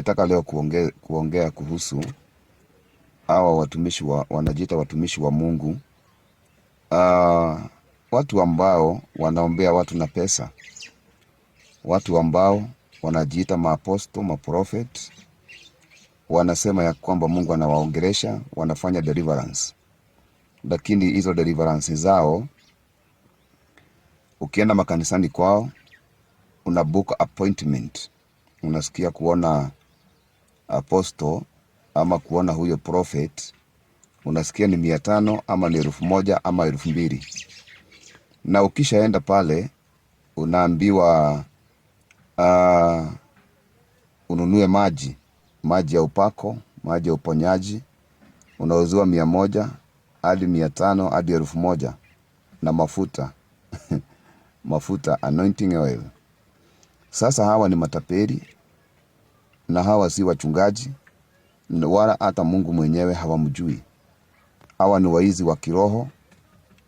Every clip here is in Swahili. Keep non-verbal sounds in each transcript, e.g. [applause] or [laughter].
Nataka leo kuonge, kuongea kuhusu hawa watumishi wa, wanajiita watumishi wa Mungu. Uh, watu ambao wanaombea watu na pesa, watu ambao wanajiita maaposto, maprofet, wanasema ya kwamba Mungu anawaongeresha, wanafanya deliverance, lakini hizo deliverance zao, ukienda makanisani kwao, una book appointment, unasikia kuona apostle ama kuona huyo prophet, unasikia ni mia tano ama ni elfu moja ama elfu mbili na ukishaenda pale unaambiwa uh, ununue maji, maji ya upako, maji ya uponyaji, unauziwa mia moja hadi mia tano hadi elfu moja na mafuta [laughs] mafuta, anointing oil. Sasa hawa ni matapeli na hawa si wachungaji wala hata Mungu mwenyewe hawamjui. Hawa ni waizi wa kiroho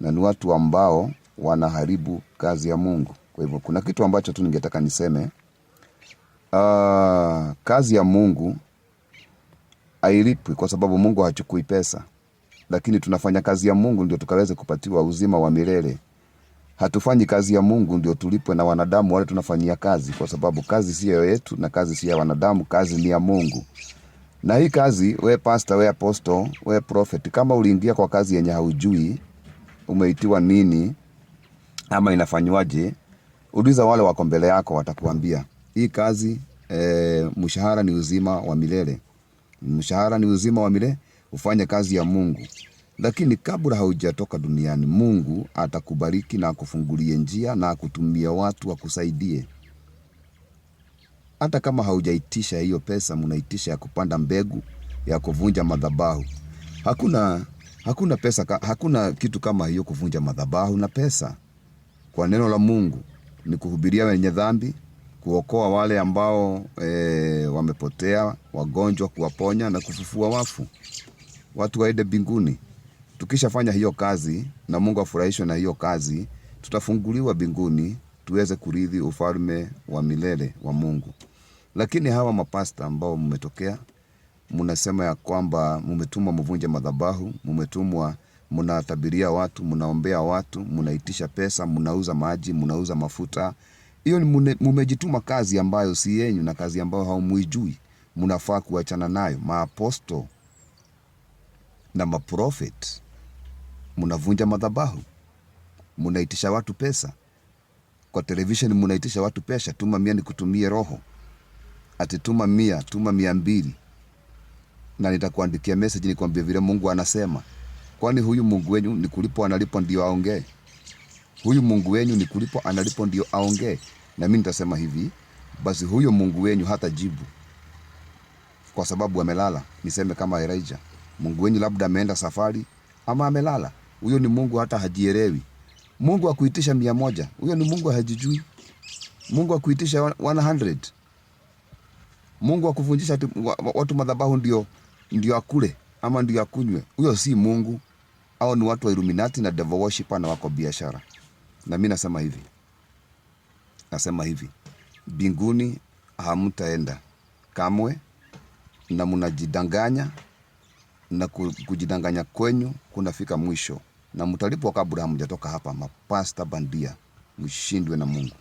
na ni watu ambao wanaharibu kazi ya Mungu. Kwa hivyo kuna kitu ambacho tu ningetaka niseme. Uh, kazi ya Mungu hailipwi kwa sababu Mungu hachukui pesa, lakini tunafanya kazi ya Mungu ndio tukaweze kupatiwa uzima wa milele hatufanyi kazi ya Mungu ndio tulipwe na wanadamu wale tunafanyia kazi, kwa sababu kazi siyo yetu na kazi si ya wanadamu, kazi ni ya Mungu. Na hii kazi, we pastor, we apostle, we prophet, kama uliingia kwa kazi yenye haujui umeitiwa nini ama inafanywaje, uliza wale wako mbele yako, watakuambia hii kazi e, mshahara ni uzima wa milele. Mshahara ni uzima wa milele, ufanye kazi ya Mungu. Lakini kabla haujatoka duniani, Mungu atakubariki na akufungulie njia na akutumia watu wakusaidie. Hata kama haujaitisha hiyo pesa, mnaitisha ya kupanda mbegu, ya kuvunja madhabahu. Hakuna, hakuna, pesa, hakuna kitu kama hiyo kuvunja madhabahu na pesa. Kwa neno la Mungu ni kuhubiria wenye dhambi, kuokoa wale ambao e, wamepotea, wagonjwa, kuwaponya na kufufua wafu, watu waende mbinguni. Tukishafanya hiyo kazi na Mungu afurahishwe na hiyo kazi, tutafunguliwa binguni tuweze kurithi ufalme wa milele wa Mungu. Lakini hawa mapasta ambao mmetokea, mnasema ya kwamba mmetumwa mvunje madhabahu, mmetumwa mnatabiria watu, mnaombea watu, mnaitisha pesa, mnauza maji, mnauza mafuta. Hiyo ni mmejituma kazi ambayo si yenyu na kazi ambayo haumuijui. Mnafaa kuachana nayo. Maaposto na maprofeti mnavunja madhabahu, mnaitisha watu pesa kwa televisheni, mnaitisha watu pesa, tuma mia nikutumie roho, ati tuma mia, tuma mia mbili na nitakuandikia message nikwambie vile Mungu anasema. Kwani huyu Mungu wenyu ni kulipo analipo ndio aongee? Huyu Mungu wenyu ni kulipo analipo ndio aongee? Na mimi nitasema hivi, basi huyo Mungu wenyu hata jibu kwa sababu amelala. Niseme kama Elijah, Mungu wenyu labda ameenda safari ama amelala. Huyo ni Mungu hata hajielewi. Mungu akuitisha mia moja, huyo ni Mungu hajijui. Mungu akuitisha 100. Mungu akuvunjisha watu madhabahu ndio, ndio akule ama ndio akunywe, huyo si Mungu. Hao ni watu wa Illuminati na devil worship na wako biashara. Na mimi nasema hivi, nasema hivi, binguni hamtaenda kamwe, na mnajidanganya na kujidanganya kwenyu kunafika mwisho na mtalipwa kabla hamjatoka hapa, mapasta bandia, mshindwe na Mungu.